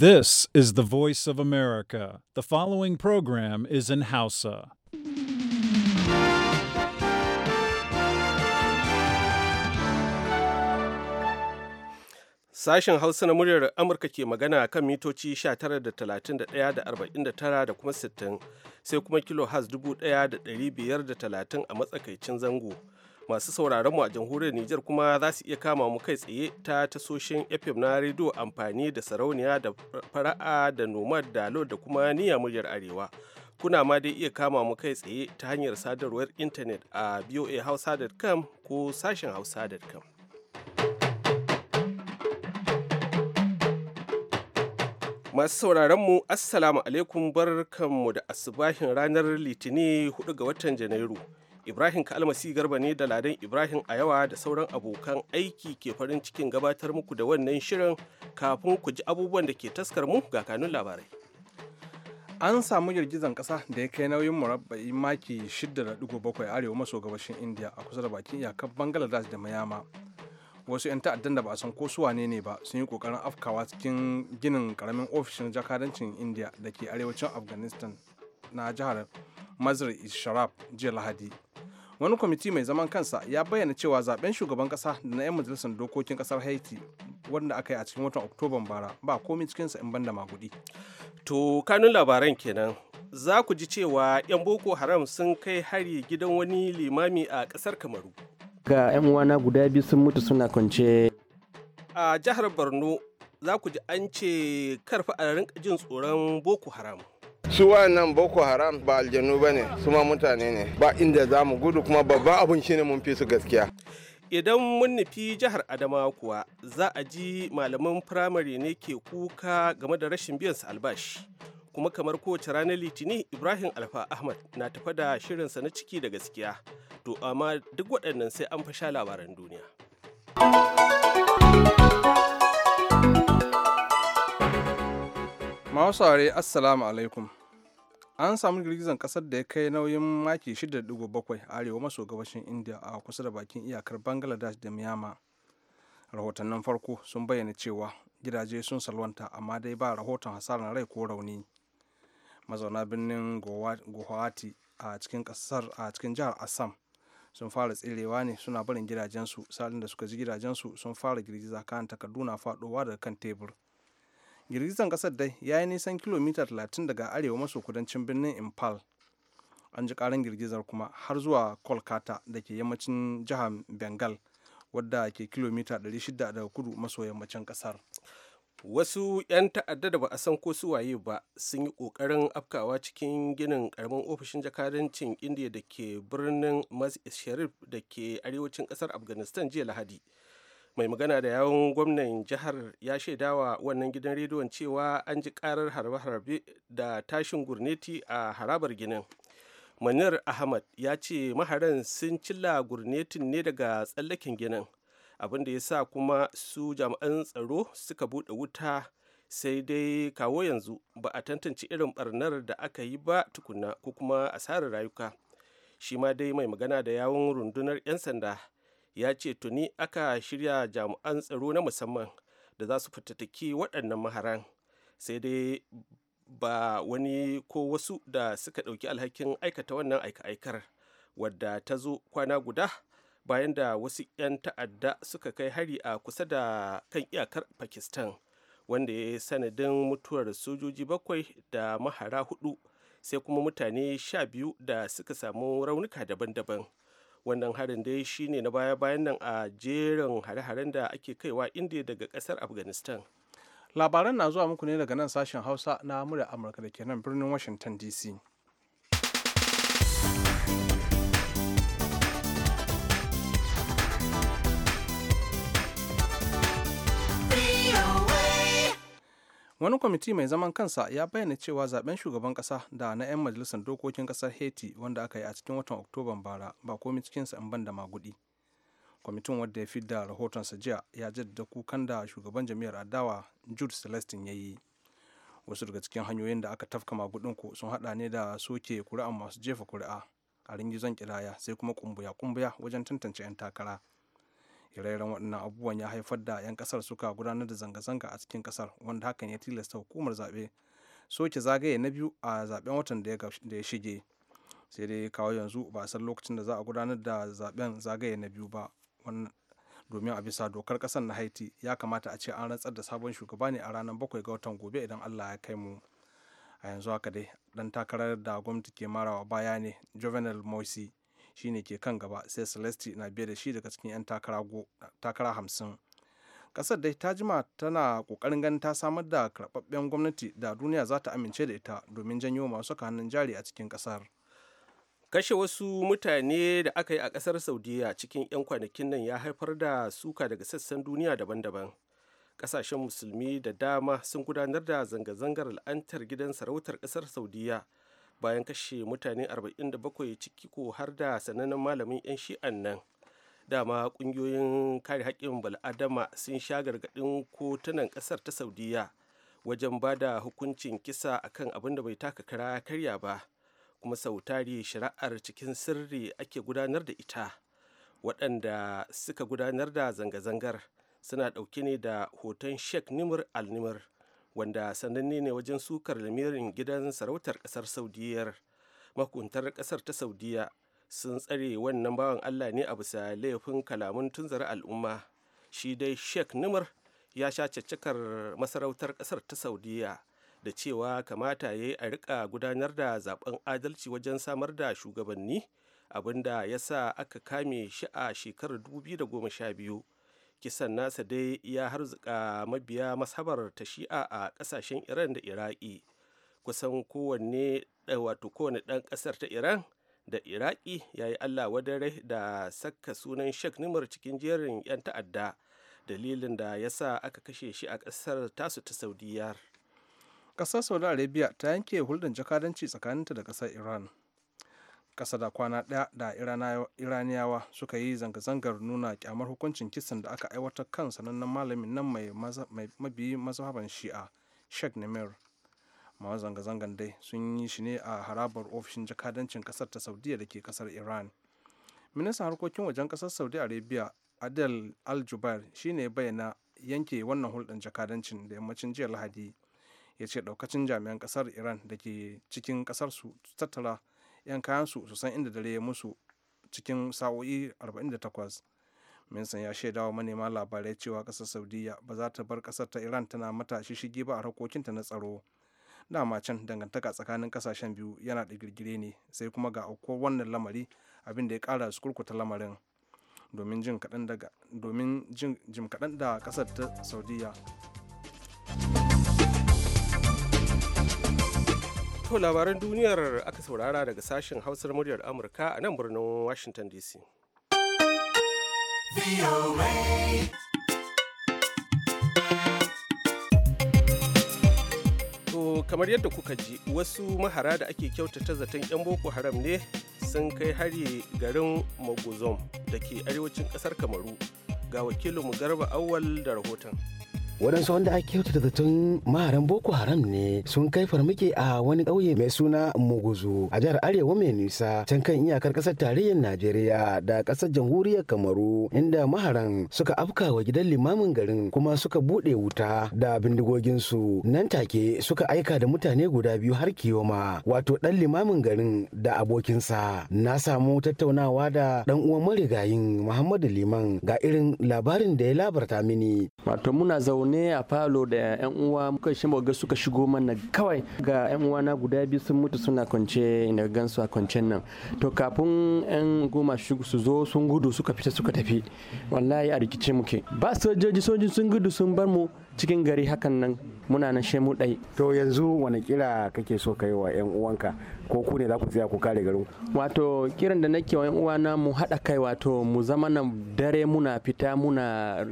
This is the voice of America. The following program is in Hausa. Sashen Hausa na muryar Amurka ke magana kan mitoci 19.31.49 da kuma 60 sai kuma kilo has 1530 a matsakaicin zango. masu sauraron mu a jamhuriyar Nijar kuma za su iya kama mu kai tsaye ta tasoshin FM na rediyo amfani da sarauniya da fara'a da nomad da lo da kuma niyya muryar arewa. Kuna ma dai iya kama mu kai tsaye ta hanyar sadarwar intanet a boahausa.com ko sashen hausa.com. Masu sauraronmu mu Assalamu alaikum barkanmu da asubahin ranar Litinin 4 ga watan Janairu. Ibrahim Kalmasi Garba ne da Ladan Ibrahim a yawa da sauran abokan aiki ke farin cikin gabatar muku da wannan shirin kafin ku ji abubuwan da ke taskar mu ga kanun labarai. An samu girgizan kasa da ya kai nauyin murabba'i maki 6.7 arewa maso gabashin India a kusa da bakin iyakar Bangladesh da Mayama. Wasu 'yan ta'addan da ba a san ko su wane ne ba sun yi kokarin afkawa cikin ginin karamin ofishin jakadancin India da ke arewacin Afghanistan na jihar Mazar Sharaf jiya Lahadi. wani kwamiti mai zaman kansa ya bayyana cewa zaben shugaban kasa da na 'yan majalisar dokokin kasar haiti wanda aka yi a cikin watan oktoban bara ba komai cikinsa in banda magudi to kanun labaran kenan za ku ji cewa 'yan boko haram sun kai hari gidan wani limami a kasar kamaru ga 'yan uwana guda biyu sun mutu suna kwance a jihar borno za ku ji an ce karfa a rinka jin tsoron boko haram su wayannan boko haram ba aljanu ba ne su ma mutane ne ba inda za mu gudu kuma babban abin shi ne mun fi su gaskiya idan mun nufi jihar Adama kuwa za a ji malaman firamare ne ke kuka game da rashin biyan su albashi kuma kamar kowace ranar litinin ibrahim alfa ahmad na tafa da shirinsa na ciki da gaskiya to amma duk waɗannan sai an fasha labaran duniya mawasare assalamu alaikum an samu girgizan kasar da ya kai nauyin maki 6.7 arewa maso gabashin india a kusa da bakin iyakar bangladesh da myanmar rahotannin farko sun bayyana cewa gidaje sun salwanta amma dai ba rahoton hasarar rai ko rauni mazauna birnin guwahati a cikin kasar a cikin jihar assam sun fara tserewa ne suna barin gidajensu salin da suka ji gidajensu sun fara girgiza kan takardu na fadowa daga kan tebur girgizan kasar dai ya yi nisan kilomita 30 daga arewa maso kudancin birnin impal an ji karan girgizar kuma har zuwa kolkata da ke yammacin jihar bengal wadda ke kilomita 600 daga kudu maso yammacin kasar wasu 'yan ta'adda da ba a san ko su waye ba sun yi kokarin afkawa cikin ginin karamin ofishin jakadancin indiya da ke birnin masjid sharif da ke arewacin kasar afghanistan jiya lahadi mai magana da yawon gwamnan jihar ya shaidawa wannan gidan rediyon cewa an ji karar harbe-harbe da tashin gurneti a harabar ginin manir ahmad ya ce maharan sun cilla gurnetin ne daga tsallaken ginin abinda ya sa kuma su jami'an tsaro suka buɗe wuta sai dai kawo yanzu ba a tantance irin barnar da aka yi ba tukuna ko kuma asarar rayuka shi ma dai mai magana da yawon rundunar 'yan sanda ya ce tuni aka shirya jami'an tsaro na musamman da za su fitattaki waɗannan maharan sai dai ba wani ko wasu da suka ɗauki alhakin aikata wannan aika-aikar wadda ta zo kwana guda bayan da wasu 'yan ta'adda suka kai hari a kusa da kan iyakar pakistan wanda ya sanadin mutuwar sojoji bakwai da mahara hudu sai kuma mutane sha biyu da suka samu raunuka daban-daban wannan harin dai ne na baya-bayan nan a jerin hare-haren da ake kaiwa indiya daga kasar afghanistan labaran na zuwa muku ne daga nan sashen hausa na murya amurka da ke nan birnin washington dc wani kwamiti mai zaman kansa ya bayyana cewa zaben shugaban kasa da na 'yan majalisar dokokin kasar haiti wanda aka yi a cikin watan oktoban bara ba komi cikinsa in ban da magudi kwamitin wadda ya fidda rahotonsa jiya ya jaddada kukan da shugaban jami'ar adawa jude celestin ya yi wasu daga cikin hanyoyin da aka tafka magudin ku sun hada ne da soke kuri'a masu jefa kuri'a a ringizon kiraya sai kuma kumbuya kumbuya wajen tantance 'yan takara ire-iren waɗannan abubuwan ya haifar da 'yan kasar suka gudanar da zanga-zanga a cikin kasar wanda hakan ya tilasta hukumar zaɓe soke zagaye na biyu a zaɓen watan da ya shige sai dai kawo yanzu ba a san lokacin da za a gudanar da zaɓen zagaye na biyu ba domin a bisa dokar kasar na haiti ya kamata a ce an rantsar da sabon shugaba ne a ranar bakwai ga watan gobe idan allah ya kai mu a yanzu haka dai dan takarar da gwamnati ke marawa baya ne jovenel moisi shine ke kan gaba sai celesti na biye da shi daga cikin 'yan takara hamsin kasar dai ta jima tana kokarin ganin ta samar da karɓaɓɓen gwamnati da duniya za ta amince da ita domin janyo masu saka hannun jari a cikin kasar kashe wasu mutane da aka yi a kasar saudiya cikin 'yan kwanakin nan ya haifar da suka daga sassan duniya daban-daban kasashen musulmi da dama sun gudanar da zanga-zangar la'antar gidan sarautar kasar saudiya bayan kashe mutane 47 ciki ko har da sanannen malamin 'yan shi'an nan dama kungiyoyin kare haƙƙin bal'adama sun sha gargaɗin kotunan ƙasar ta saudiyya wajen ba da hukuncin kisa akan abin da bai taka kara karya ba kuma sautari shari'ar cikin sirri ake gudanar da ita waɗanda suka gudanar da zanga-zangar suna ɗauke ne da hoton sheikh nimr al-nimr wanda sananne ne wajen sukar lamirin gidan sarautar kasar saudiyar makuntar kasar ta saudiya sun tsare wannan bawan allah ne a bisa laifin kalamun tunzara al'umma shi dai sheikh numar ya sha caccakar masarautar kasar ta saudiya da cewa kamata ya yi a rika gudanar da zaben adalci wajen samar da shugabanni abinda ya sa aka kame shi a shekarar 2012 kisan nasa dai ya harzuka mabiya mashabar ta shi'a a kasashen iran da iraki kusan kowanne eh, wato kowane dan kasar ta iran da iraki ya yi allah wadare da saka sunan shek nimar cikin jerin 'yan ta'adda dalilin da ya sa aka kashe shi a kasar tasu ta saudiyar kasar saudi arabia ta yanke hulɗar jakadanci tsakaninta da ƙasar iran kasa da kwana ɗaya da iraniyawa suka yi zanga-zangar nuna kyamar hukuncin kisan da aka aiwatar kan sanannen malamin nan mai mabiyi mazhaban shi'a sheikh nemer masu zanga-zangan dai sun yi shi ne a harabar ofishin jakadancin kasar ta saudiya da ke kasar iran ministan harkokin wajen kasar saudi arabia adel al-jubair shine bayyana yanke wannan hulɗar jakadancin da yammacin jiya lahadi ya ce ɗaukacin jami'an ƙasar iran da ke cikin kasar su tattara 'yan kayansu su san inda dare ya musu cikin sa'o'i 48 san ya shaidawa manema labarai cewa kasar saudiya ba za ta bar kasar ta iran tana mata shishigi ba a harkokinta na tsaro dama can dangantaka tsakanin kasashen biyu yana da girgire ne sai kuma ga aukuwar wannan lamari abin da ya kara su kurkuta lamarin domin jin kaɗan da kasar ta saudiya To labaran duniyar aka saurara daga sashen hausar muryar Amurka a nan birnin Washington DC. To kamar yadda kuka ji wasu mahara da ake kyautata zaton 'yan Boko Haram ne sun kai hari garin Maguzom da ke arewacin kasar Kamaru ga wakilinmu Garba Awal da rahoton. waɗansu wanda ake kyautata tun maharan boko haram ne sun kai farmaki a wani ƙauye mai suna muguzu a jihar arewa mai nisa can kan iyakar ƙasar tarayyar najeriya da ƙasar jamhuriyar kamaru inda maharan suka afka wa gidan limamin garin kuma suka buɗe wuta da bindigoginsu nan take suka aika da mutane guda biyu har kiyoma wato ɗan limamin garin da abokinsa na samu tattaunawa da ɗan uwan marigayin muhammadu liman ga irin labarin da ya labarta mini. wato muna zaune ne a falo da yan uwa muka shi ga suka shigo mana kawai ga yan uwa na guda biyu sun mutu suna kwance inda gansu a kwancen nan to kafin yan goma su zo sun gudu suka fita suka tafi wallahi a rikice muke ba sojoji sojin sun gudu sun bar mu cikin gari hakan nan muna nan shemu ɗai. To yanzu wani kira kake so ka yi wa 'yan uwanka ko ku ne za ku tsaya ku kare garin? Wato kiran da nake wa 'yan uwana mu haɗa kai wato mu zama nan dare muna fita muna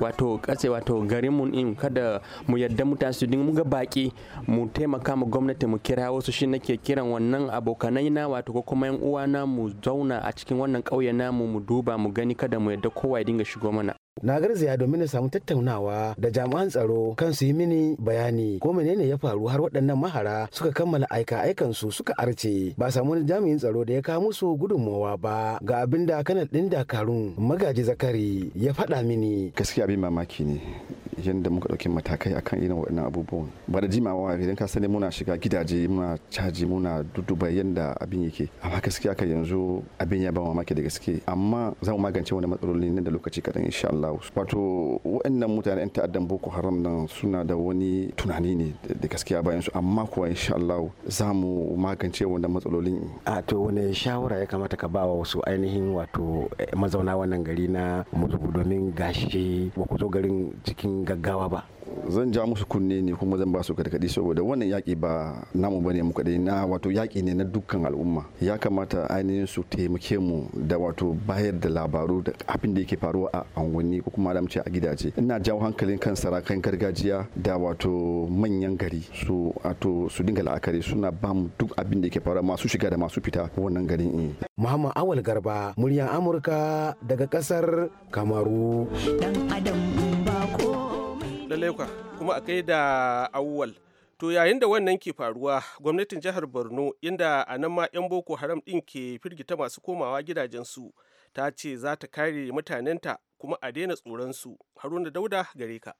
wato kase wato garin mu in kada mu yadda mutane su dinga muga baki mu taimaka mu gwamnati mu kira wasu shi nake kiran wannan abokanai na wato ko kuma 'yan uwana mu zauna a cikin wannan ƙauye namu mu duba mu gani kada mu yadda kowa ya dinga shigo mana. na garzaya domin na samu tattaunawa da jami'an tsaro kan su yi mini bayani ko menene ya faru har waɗannan mahara suka kammala aika aikan su suka arce ba samu wani jami'in tsaro da ya kawo musu gudunmowa ba ga abin da kana ɗin dakarun magaji zakari ya faɗa mini gaskiya abin mamaki ne yadda muka ɗauki matakai akan irin waɗannan abubuwan ba da jimawa idan ka sani muna shiga gidaje muna caji muna duduba yadda abin yake amma gaskiya ka yanzu abin ya ba mamaki da gaske amma za mu magance wani matsaloli nan da lokaci kaɗan insha Allah Allah wato waɗannan mutane yan ta'addan Boko Haram nan suna da wani tunani ne da gaskiya bayan su amma kuwa insha Allah za mu magance wannan matsalolin a to wani shawara ya kamata ka bawa wasu ainihin wato eh, mazauna wannan gari na mutubu domin gashi ba ku zo garin cikin gaggawa ba zan ja musu kunne ne kuma zan ba su kadi saboda wannan yaƙi ba namu bane mu kadai na wato yaƙi ne na dukkan al'umma ya kamata ainihin su taimake mu da wato bayar da labaru da abin da yake faruwa a unguwanni ko kuma ce a gidaje ina jawo hankalin kan sarakan gargajiya da wato manyan gari su wato su dinga la'akari suna ba mu duk abin da yake faruwa masu shiga da masu fita wannan garin in eh. Muhammad Awal Garba muryar Amurka daga kasar Kamaru dan adam ba ko Lallai kuma a kai da awwal. To yayin da wannan ke faruwa, gwamnatin jihar Borno inda a nan ma 'yan Boko Haram ɗin ke firgita masu komawa gidajensu ta ce za ta kare mutanenta kuma a daina tsoron su Haruna Dauda gare ka.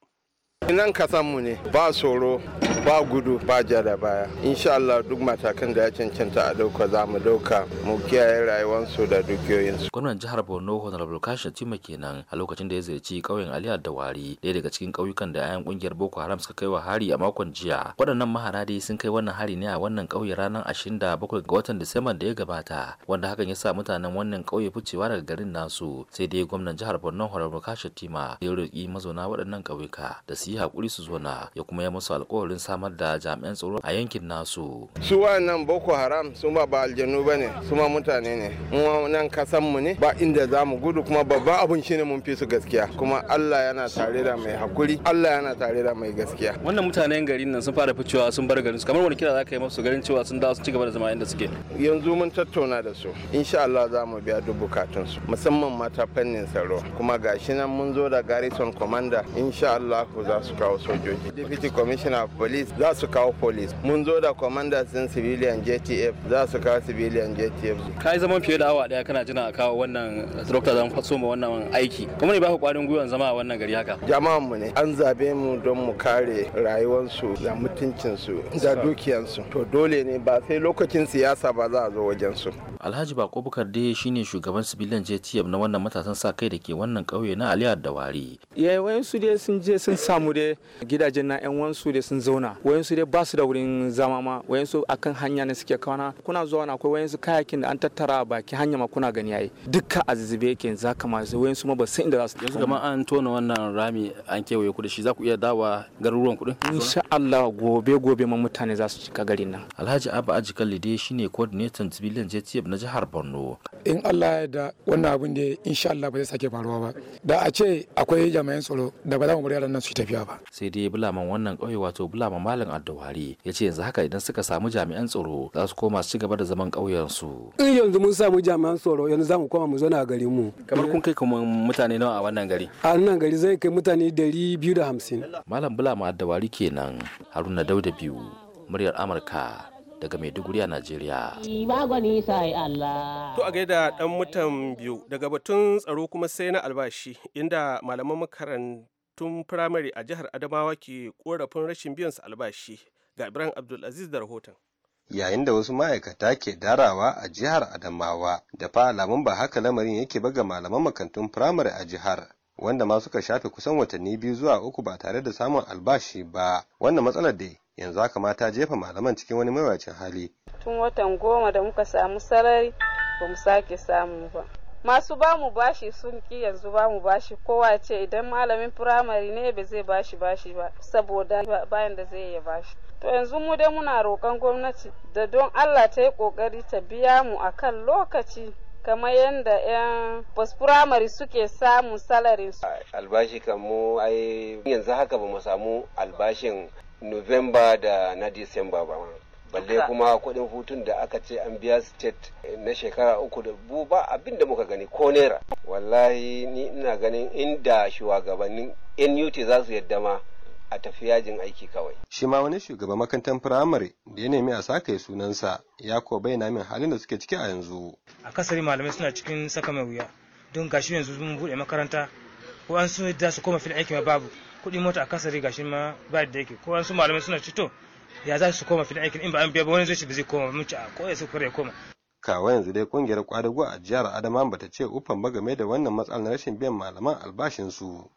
Nan mu ne ba tsoro ba gudu ba ja da baya insha Allah duk matakan da ya cancanta a dauka za mu dauka mu kiyaye rayuwarsu da dukiyoyinsu gwamnan jihar Borno Honorable Kashi Tima kenan a lokacin da ya ziyarci kauyen Aliya Dawari ɗaya daga cikin kauyukan da ayan ƙungiyar Boko Haram suka kai wa hari a makon jiya waɗannan mahara sun kai wannan hari ne a wannan ƙauye ranar bakwai ga watan disamban da ya gabata wanda hakan ya sa mutanen wannan ƙauye ficewa daga garin nasu sai dai gwamnan jihar Borno Honorable Kashi Tima ya roƙi mazauna waɗannan ƙauyuka da su yi hakuri su zo na ya kuma ya musu alkawarin samar da jami'an tsaro a yankin nasu su wannan boko haram su ba ba aljanu ba ne su ma mutane ne nan kasan mu ne ba inda za mu gudu kuma babban abun shine mun fi su gaskiya kuma Allah yana tare da mai hakuri Allah yana tare da mai gaskiya wannan mutanen garin nan sun fara ficewa sun bar garin su kamar wani kira za ka yi musu garin cewa sun dawo sun ci gaba da zama inda suke yanzu mun tattauna da su insha Allah za mu biya duk bukatun su musamman mata fannin tsaro kuma gashi nan mun zo da garrison commander insha Allah za za su kawo sojoji deputy commissioner of police za su kawo police mun zo da commanders din civilian jtf za su kawo civilian jtf ka yi zaman fiye da awa daya kana jina a kawo wannan Dr. zan faso ma wannan aiki kuma ne ku kwarin gwiwan zama a wannan gari haka jama'an mu ne an zabe mu don mu kare rayuwarsu da mutuncinsu da dukiyansu to dole ne ba sai lokacin siyasa ba za a zo wajen alhaji bako bukar dai shine shugaban civilian jtf na wannan matasan sa kai da ke wannan kauye na aliyar da wari yayin su dai sun je sun samu mu dai gidajen na yan wansu da sun zauna wayansu dai ba su da wurin zama ma wayansu akan hanya ne suke kawana kuna zuwa na akwai wayansu kayakin da an tattara baki hanya ma kuna gani yayi dukka azizube yake za ka ma wayansu ma ba san inda za su yanzu kamar an tona wannan rami an kewaye ku da shi za ku iya dawa garuruwan kudin insha Allah gobe gobe ma mutane za su cika garin nan Alhaji Abba Aji Kallide shine coordinator civilian JTF na jihar Borno in Allah ya da wannan abin da insha Allah ba zai sake faruwa ba da a ce akwai jami'an tsaro da ba za mu bari yaran nan su tafi biya ba sai dai bulaman wannan kauye wato bulaman malam addawari ya ce yanzu haka idan suka samu jami'an tsaro za su koma su ci gaba da zaman ƙauyen su in yanzu mun samu jami'an tsaro yanzu za mu koma mu zauna a garin mu kamar kun kai kuma mutane nawa a wannan gari a wannan gari zai kai mutane dari biyu da hamsin malam bulaman addawari kenan haruna dauda biyu muryar amurka daga Maiduguri a Najeriya. To a gaida dan mutan biyu daga batun tsaro kuma sai na albashi inda malaman makaranta. tun firamare a jihar adamawa ke korafin rashin biyan su albashi ga ibrahim abdulaziz da rahoton yayin da wasu ma'aikata ke darawa a jihar adamawa da fa alamun ba haka lamarin yake baga malaman makantun firamare a jihar wanda ma suka shafe kusan watanni biyu zuwa uku ba tare da samun albashi ba wannan matsalar dai yanzu haka ma ta jefa malaman cikin wani mawacin hali tun watan goma da muka samu sarari ba mu sake samu ba masu ba mu bashi sun ki yanzu ba mu bashi kowa ce idan malamin firamare ne ba zai bashi bashi ba saboda bayan da zai iya bashi to yanzu mu dai muna roƙon gwamnati da don allah ta yi ƙoƙari ta biya mu akan lokaci kamar yadda 'yan post-primary suke samun salarin su. Albashi kamu ai yanzu haka ba mu samu albashin Nuwamba da na Disamba ba. balle kuma kuɗin hutun da aka ce an biya state eh, na shekara uku da bu ba abin da muka gani ko naira wallahi ni ina ganin inda shugabannin nut za su yadda ma a tafi yajin aiki kawai. Shi ma wani shugaban makantan firamare da ya nemi a saka sake sunansa ya ko bayyana min halin da suke ciki a yanzu. Akasari malamai suna cikin saka mai wuya don gashi yanzu mun buɗe makaranta ko an su da su koma fil aiki ma babu kuɗin mota akasari gashi ma ba da yake ko an su malamai suna cito ya za su koma fil aikin in ba an biya ba wani zai ce ba zai koma mun ci a ko su sai kure ya koma kawo yanzu dai kungiyar kwadago a jihar adama ba ta ce ufan ba game da wannan matsalar rashin biyan malaman albashin su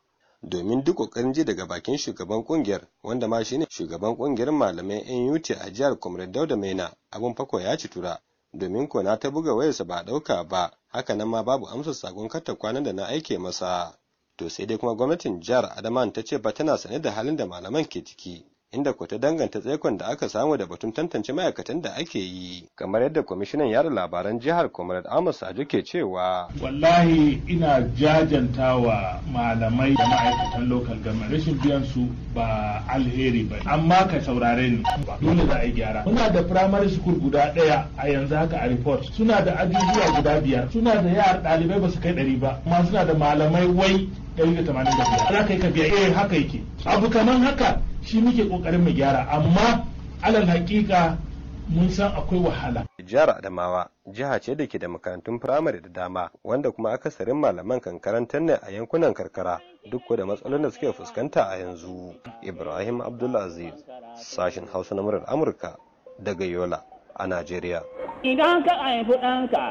domin duk kokarin ji daga bakin shugaban kungiyar wanda ma shine shugaban kungiyar malamai NUT a jihar Comrade Dauda Maina abun fako ya ci tura domin ko na ta buga wayarsa ba dauka ba haka nan ma babu amsa sakon karta kwanan da na aike masa to sai dai kuma gwamnatin jihar Adama ta ce ba tana sane da halin da malaman ke ciki inda ko ta danganta tsaikon da aka samu da batun tantance ma'aikatan da ake yi kamar yadda kwamishinan yada labaran jihar comrade amos ajo ke cewa wallahi ina jajantawa malamai da ma'aikatan local government rashin biyan su ba alheri ba amma ka saurare ni dole za a yi gyara muna da firamare school guda daya a yanzu haka a report suna da ajujuwa guda biyar suna da yara ɗalibai ba su kai ɗari ba amma suna da malamai wai ɗari za ka yi ka biya eh haka yake abu kaman haka shi muke kokarin mu gyara amma alal hakika mun san akwai wahala jihar adamawa jiha ce da ke da makarantun firamare da dama wanda kuma akasarin malaman kan karantar ne a yankunan karkara duk da matsalolin da suke fuskanta a yanzu ibrahim abdulaziz sashen hausa na murar amurka daga yola a najeriya idan ka haifi ɗanka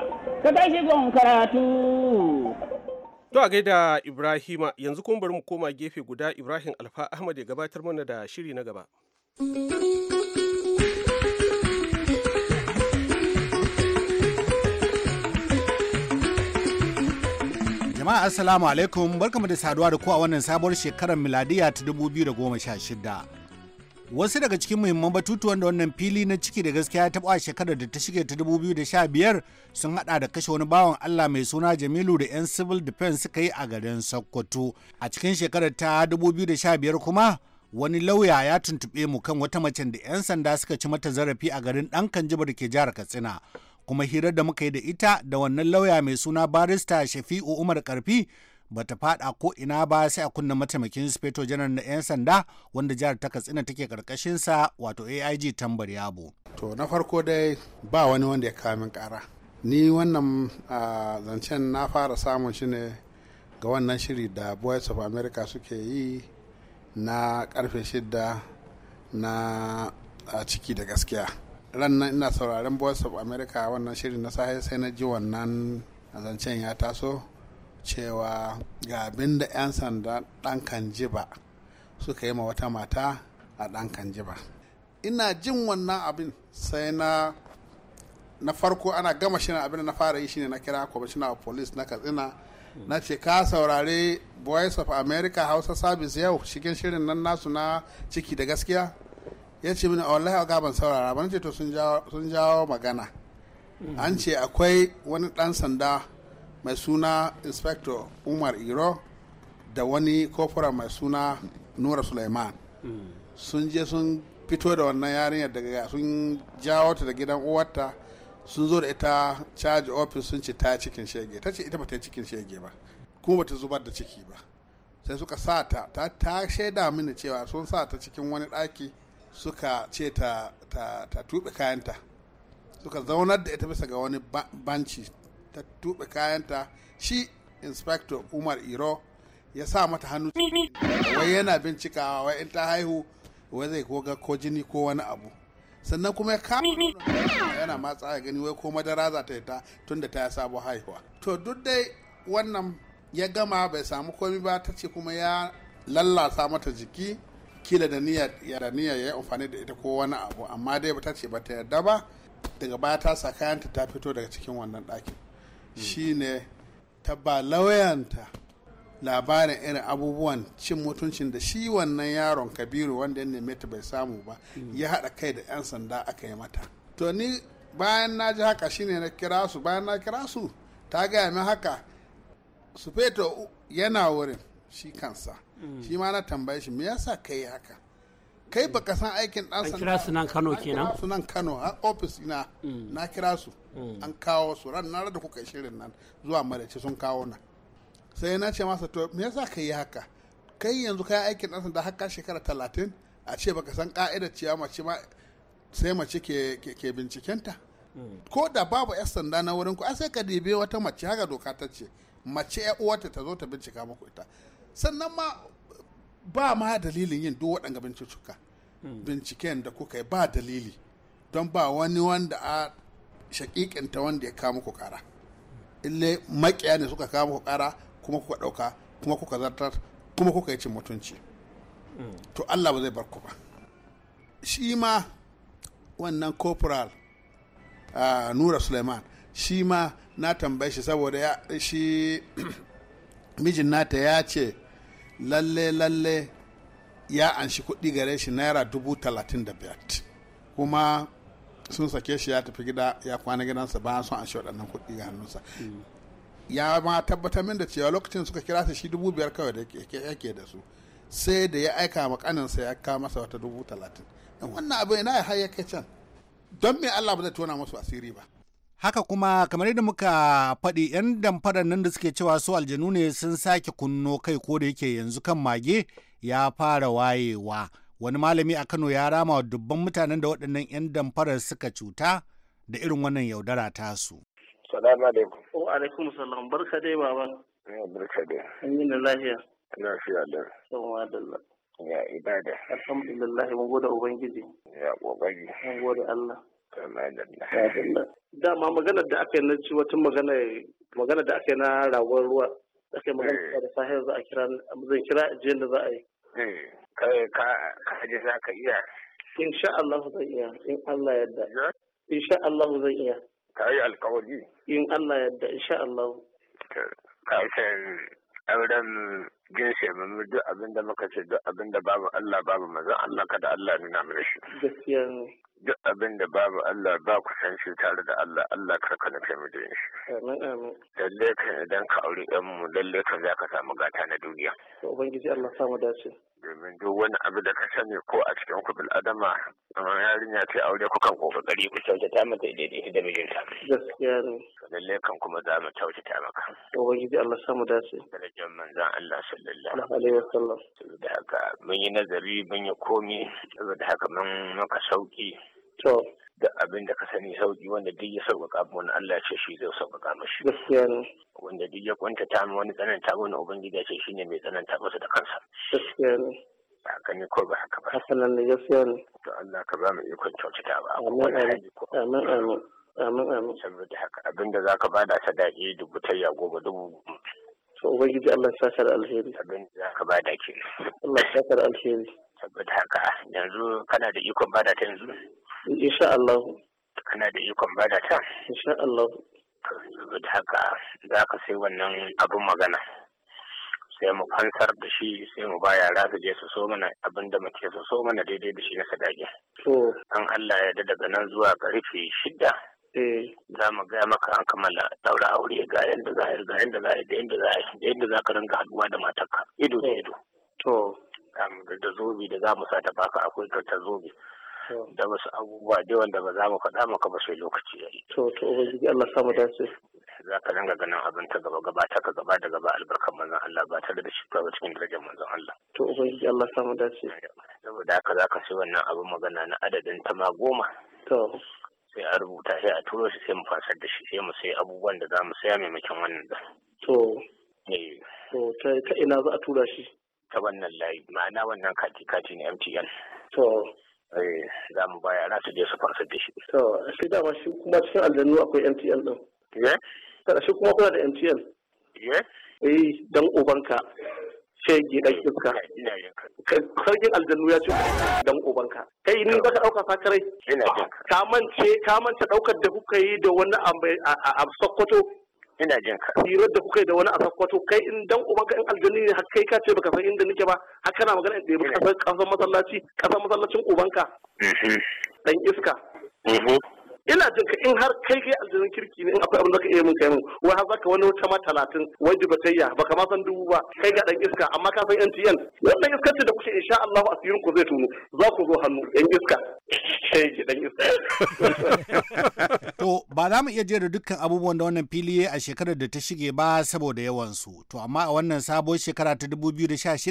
ka tashi gon karatu To a gaida Ibrahima yanzu kuma bari mu koma gefe guda Ibrahim Alfa Ahmad ya gabatar mana da shiri na gaba. jama'a assalamu alaikum barkamu da saduwa da ku a wannan sabuwar shekarar miladiya ta 2016 wasu daga cikin muhimman batutuwan da wannan fili na ciki da gaskiya ya taɓa shekarar da ta shige ta 2015 sun hada da kashe wani bawan Allah mai suna Jamilu da 'yan civil defense suka yi a garin Sokoto. A cikin shekarar ta 2015 kuma wani lauya ya tuntuɓe mu kan wata mace da 'yan sanda suka ci mata zarafi a garin ɗan Kanjiba ke jihar Katsina. Kuma hirar da muka yi da ita da wannan lauya mai suna barista Shafi'u Umar Karfi bata fada ko ina ba sai a kunna mataimakin speto janar na 'yan sanda wanda jihar ta katsina take karkashin sa wato aig tambar yabo to na farko dai ba wani wanda ya kawo min kara ni wannan zancen na fara samun shi ne ga wannan shiri da voice of america suke yi na karfe shida na ciki da gaskiya rannan ina sauraren voice of america wannan shiri na sahi sai na ji wannan zancen ya taso cewa ga abin da 'yan sanda ɗan kan jiba suka yi ma wata mata a ɗan kan jiba ina jin wannan abin sai na na farko ana gama shi abin da na fara yi shine na kira commissioner of police na katsina na ce ka saurari voice of america hausa service yau cikin shirin nan nasu na ciki da gaskiya ya ce mini wallahi ga ban saurara ba ce to sun jawo magana an ce akwai wani dan sanda mai suna inspector umar iro da wani kofura mai suna nura suleiman sun je sun fito da wannan yarinyar daga sun jawo ta da gidan uwarta sun zo da ita charge office sun ce ta cikin shege ta ce ita bata cikin shege ba kuma bata zubar da ciki ba sai suka sa ta ta, ta shaida mini cewa sun sa ta cikin wani daki suka ce ta, ta, tuɓe kayanta suka zaunar da ita bisa ga wani banci ta tuɓe kayanta shi inspector umar iro ya sa mata hannu wai yana bincikawa wai in ta haihu wai zai koga ko jini ko wani abu sannan kuma ya kama yana matsa ya gani wai ko madara za ta yi ta tun da ta ya sabo haihuwa to duk dai wannan ya gama bai samu komi ba ta ce kuma ya lallasa mata jiki kila da niyya ya da niyya ya amfani da ita ko wani abu amma dai ba ta ce ba ta yarda ba daga baya ta sa kayanta ta fito daga cikin wannan ɗakin Mm. shine ta ba lauyanta labarin irin abubuwan cin mutuncin da shi wannan yaron kabiru wanda ya neme ta bai samu ba mm. ya haɗa kai da 'yan sanda aka yi mata to ni bayan na ji haka shine na kira su bayan na kira su ta gaya min haka su feto yana wurin shi kansa mm. shi ma na tambaye shi me yasa kai haka kai baka san aikin dan sanda kira su nan Kano kenan kira su nan Kano a office na na kira su Mm. an kawo su ran na da kuka shirin nan zuwa madace sun kawo na sai na ce masa to me yasa ka yi haka kai yanzu ka aikin ɗan sanda haka shekara talatin a ce baka san ka'idar ciya mace ma sai mace ke bincikenta mm. ko da babu 'yan sanda na wurin ku a sai ka dibe wata mace haka doka ta ce mace ya uwata ta zo ta bincika muku ita sannan ma ba ma dalilin yin duk waɗanga bincikuka mm. binciken da kuka yi ba dalili don ba wani wanda a ta wanda ya kama ku kara ille maƙiya ne suka kama ku ƙara kuma kuka ɗauka kuma kuka zartar kuma kuka yi cin mutunci to Allah ba zai bar ku ba shi ma wannan corporal nura suleiman shi ma na tambaye shi saboda ya shi mijin nata ya ce lalle lalle ya anshi kuɗi gare shi naira dubu talatin da biyar kuma sun sake shi ya tafi gida ya kwana gidansa ba son an shi waɗannan kuɗi ga hannunsa mm. ya ma tabbatar min da cewa lokacin suka kira su shi dubu biyar kawai da yake da su sai da ya aika ma kaninsa ya kawo masa wata dubu talatin wannan abin ina ya haya kai can don me Allah ba zai tona masu asiri ba haka kuma kamar yadda muka faɗi 'yan damfarar nan da suke cewa su aljanu ne sun sake kunno kai ko da yake yanzu kan mage ya fara wayewa. wani malami a kano ya rama wa dubban mutanen da waɗannan 'yan damfarar suka cuta da irin wannan yaudara tasu. salamu alaikum wa alaikum salam barka dai ya eh, barka dai an yi na lafiya lafiya da yawa da ya ibada alhamdulillah mun gode ubangiji ya kokari mun gode Allah dama magana da aka yi na ci wata magana magana da aka yi na ragon ruwa aka yi magana eh. da sahiyar za a kira zan kira ajiyar da za a yi eh. ka je za ka iya insha Allah zai iya in Allah yadda insha Allah zai iya ka yi alkawari in Allah yadda insha Allah ka san auren jinsi mu duk abinda muka ce duk abinda babu Allah babu manzon Allah kada Allah nuna mana shi gaskiya ne duk abinda babu Allah ba ku san shi tare da Allah Allah kar ka nufe mu amin. shi lalle kan idan ka auri ɗan mu lalle kan za ka samu gata na duniya to ubangiji Allah samu dace domin duk wani abu da ka sani ko a cikin ku bil'adama adama kamar yarinya ce aure kukan kokari ku ta mata daidai da mijinta gaskiya ne lalle kan kuma za mu ta maka ubangiji Allah samu dace darajar manzon Allah sallallahu alaihi wasallam saboda haka mun yi nazari mun yi komi saboda haka mun maka sauki to da abin da ka sani sauki wanda duk ya sauƙaƙa wani Allah ce shi zai sauƙaƙa mashi. Gaskiya ne. Wanda duk ya kwantata mu wani tsananta wani ubangiji ce shi ne mai tsananta masa da kansa. Gaskiya ne. Ba haka ne ko ba haka ba. Hasanan da gaskiya ne. To Allah ka ba mu ikon kyautata ba. Amin amin. Amin amin. Amin amin. Saboda haka abin da za ka bada ta daɗi dubu tayya goma dubu. To ubangiji Allah ya sa da alheri. Abin da za ka bada ke. Allah ya sa da alheri. Saboda haka yanzu kana da ikon da ta yanzu. insha Allah kana da ikon bada ta insha Allah da haka za ka sai wannan abin magana sai mu fansar da shi sai mu ba yara su je su so mana abin da muke su so mana daidai da shi na sadaki to an Allah ya daga nan zuwa karfe shida eh. za mu gaya maka an kammala daura aure ga yadda za a yi ga yadda za a yi da yadda za a yi da yadda za ka ringa haduwa da matarka ido da ido to da zobe da za mu sa ta baka akwai ta zobe da wasu abubuwa da wanda ba za mu faɗa maka ba sai lokaci yi. to to ubangiji Allah samu dace za ka dinga ganin abin ta gaba gaba ta ka gaba da gaba albarkar manzon Allah ba tare da shi ba cikin darajar manzon Allah to ubangiji Allah samu dace saboda haka za ka sai wannan abin magana na adadin ta ma goma to sai a rubuta sai a turo shi sai mu fasar da shi sai mu sai abubuwan da za mu saya maimakon wannan da to eh. to ta ina za a tura shi ta wannan layi ma'ana wannan kati kati ne MTN to Eh, za mu ba yara su je su fansar da shi. To shi dama shi kuma cikin aljannu akwai MTN ɗin. Ye? Eh? Kada shi kuma kuna da MTN. Ye? Eh? eh dan ubanka. Shege dan iska. Sarkin aljannu ya ce dan ubanka. Kai ni baka ɗauka fakarai. Ina jin. Ka mance ka mance ɗaukar da kuka yi da wani a Sokoto. ina jin ka hirar da kuka yi da wani a sakkwato kai in dan ka in aljani ne har kai ka ce baka san inda nake ba har kana magana in ba kasar masallaci kasar masallacin ubanka mhm. dan iska mhm. ina jin ka in har kai kai aljihun kirki ne in akwai abin da ka iya mun kai mun wai har zaka wani wata ma talatin wai dubatayya baka ma san dubu ba kai ga dan iska amma ka san NTN wannan iskar ce da kuke insha Allah asirin ku zai tuno za ku zo hannu yan iska kai dan iska to ba za mu iya jera dukkan abubuwan da wannan fili a shekarar da ta shige ba saboda yawan su to amma a wannan sabon shekara ta 2016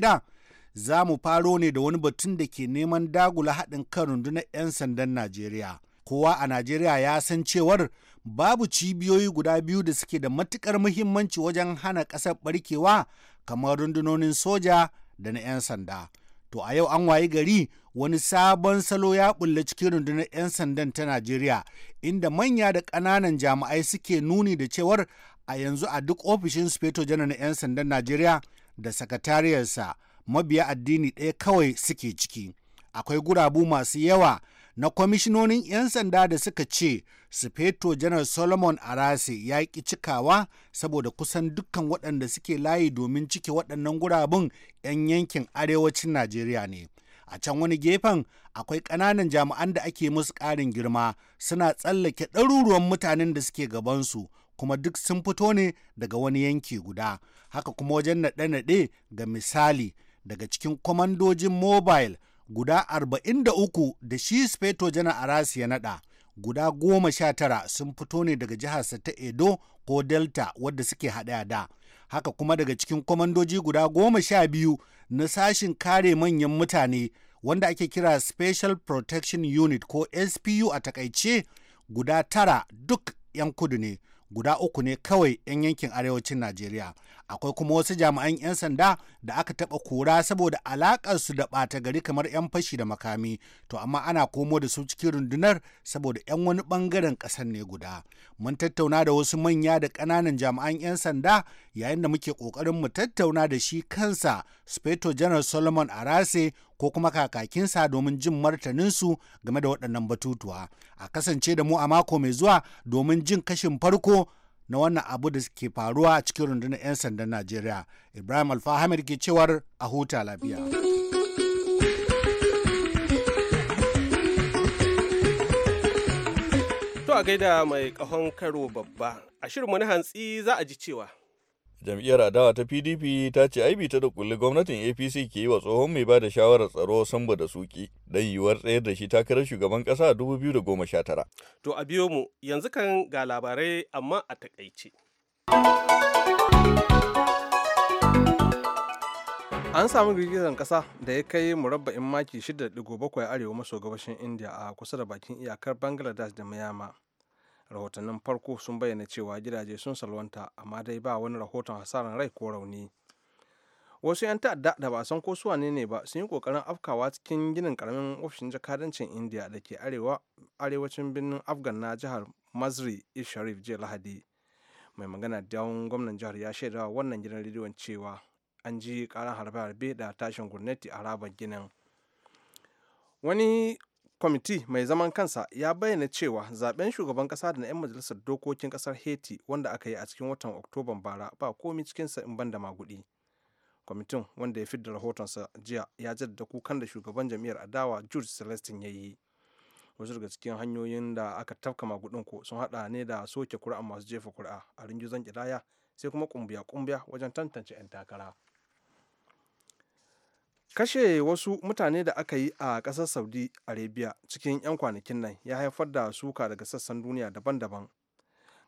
za mu faro ne da wani batun da ke neman dagula haɗin kan rundunar 'yan sandan Najeriya. kowa a najeriya ya san cewar babu cibiyoyi guda biyu da suke da matukar muhimmanci wajen hana ƙasar barkewa kamar rundunonin soja da na 'yan sanda to a yau an wayi gari wani sabon salo ya bulla cikin rundunar 'yan sandan ta najeriya inda manya da ƙananan jami'ai suke nuni da cewar a yanzu a duk ofishin speto janar na 'yan sandan najeriya da sakatariyarsa mabiya addini ɗaya kawai suke ciki akwai gurabu masu yawa na kwamishinonin 'yan sanda da suka ce sufeto janar solomon arase ya ƙi cikawa saboda kusan dukkan waɗanda suke layi domin cike waɗannan gurabun 'yan yankin arewacin najeriya ne a can wani gefen akwai ƙananan jami'an da ake musu ƙarin girma suna tsallake ɗaruruwan mutanen da suke gabansu kuma duk sun fito ne daga wani yanki guda haka kuma wajen naɗe-naɗe ga misali daga cikin kwamandojin mobile guda 43 da shi speto jana arasi ya nada guda goma sha tara sun fito ne daga jiharsa ta edo ko delta wadda suke haɗa da haka kuma daga cikin kwamandoji guda goma sha biyu na sashin kare manyan mutane wanda ake kira special protection unit ko spu a takaice guda tara duk 'yan kudu ne guda uku ne kawai 'yan yankin arewacin najeriya akwai kuma wasu jami'an 'yan sanda da aka taɓa kura saboda alaƙarsu da ɓata gari kamar 'yan fashi da makami to amma ana komo da su cikin rundunar saboda 'yan wani ɓangaren ƙasar ne guda mun tattauna da wasu manya da ƙananan jami'an 'yan sanda yayin da muke ƙoƙarin mu tattauna da shi kansa speto general solomon arase ko kuma kakakinsa domin jin martaninsu game da waɗannan batutuwa. A kasance da mu a mako mai zuwa domin jin kashin farko na wannan abu da ke faruwa a cikin rundunar 'yan sandan Najeriya. Ibrahim alfahamir ke cewar a huta lafiya. To a gaida mai kahon karo babba a shirinmu na hantsi za a ji cewa jam'iyyar adawa ta pdp ta ce ib ta da kulli gwamnatin apc ke yi wa tsohon mai ba da shawarar tsaro samba da suki don yiwuwar tsayar da shi takarar shugaban kasa 2019 to a biyo mu yanzu kan ga labarai amma a takaice an samu girgizar kasa da ya kai murabba'in maki 6.7 arewa maso gabashin india a kusa da bakin iyakar bangladesh da myanmar rahotannin farko sun bayyana cewa gidaje sun salwanta amma dai ba wani rahoton hasaran rai ko rauni wasu 'yan ta'adda da ba san ko su wane ne ba sun yi kokarin afkawa cikin ginin karamin ofishin jakadancin india da ke arewacin birnin afghan na jihar mazri e sharif jiya lahadi mai magana da gwamnan jihar ya shaida wannan gidan rediyon cewa an ji karan harbe-harbe da tashin gwamnati a rabar ginin wani kwamiti mai zaman kansa ya bayyana cewa zaben shugaban kasa da na 'yan majalisar dokokin kasar haiti wanda aka yi a cikin watan oktoban bara ba komi cikinsa in ban da magudi kwamitin wanda ya fidda rahotonsa jiya ya jaddada kukan da shugaban jam'iyyar adawa george celestin ya yi wasu daga cikin hanyoyin da aka tafka magudin ko sun hada ne da soke kura'a masu jefa kuri'a a ringizon kidaya sai kuma kumbiya kumbiya wajen tantance 'yan takara kashe wasu mutane da aka yi a ƙasar saudi arabia cikin 'yan kwanakin nan ya haifar da suka daga sassan duniya daban-daban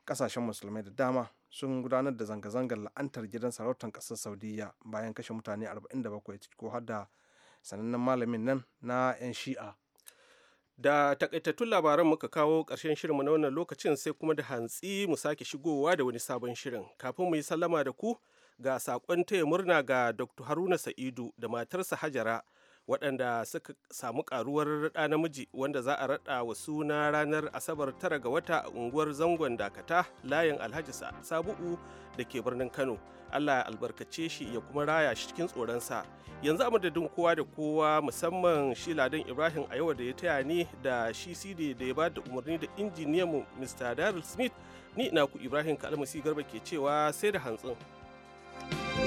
ƙasashen musulmai da dama sun gudanar da zanga-zangar la'antar gidan sarautar ƙasar saudiya bayan kashe mutane 47 ciki ko har da sanannen malamin nan na 'yan shi'a da takaitattun labaran muka kawo ƙarshen shirinmu na wannan lokacin sai kuma da hantsi mu sake shigowa da wani sabon shirin kafin mu yi sallama da ku ga saƙon taya murna ga dr haruna sa'idu da matarsa hajara waɗanda suka samu ƙaruwar ɗa namiji wanda za a raɗa wa suna ranar asabar tara ga wata a unguwar zangon dakata layin alhaji sabu'u da ke birnin kano allah ya albarkace shi ya kuma raya shi cikin tsoronsa yanzu a madadin kowa da kowa musamman shi ladan ibrahim a yau da ya taya ni da shi sidi da ya ba da umarni da injiniyanmu mr daryl smith ni ina ku ibrahim kalmasi garba ke cewa sai da hantsin.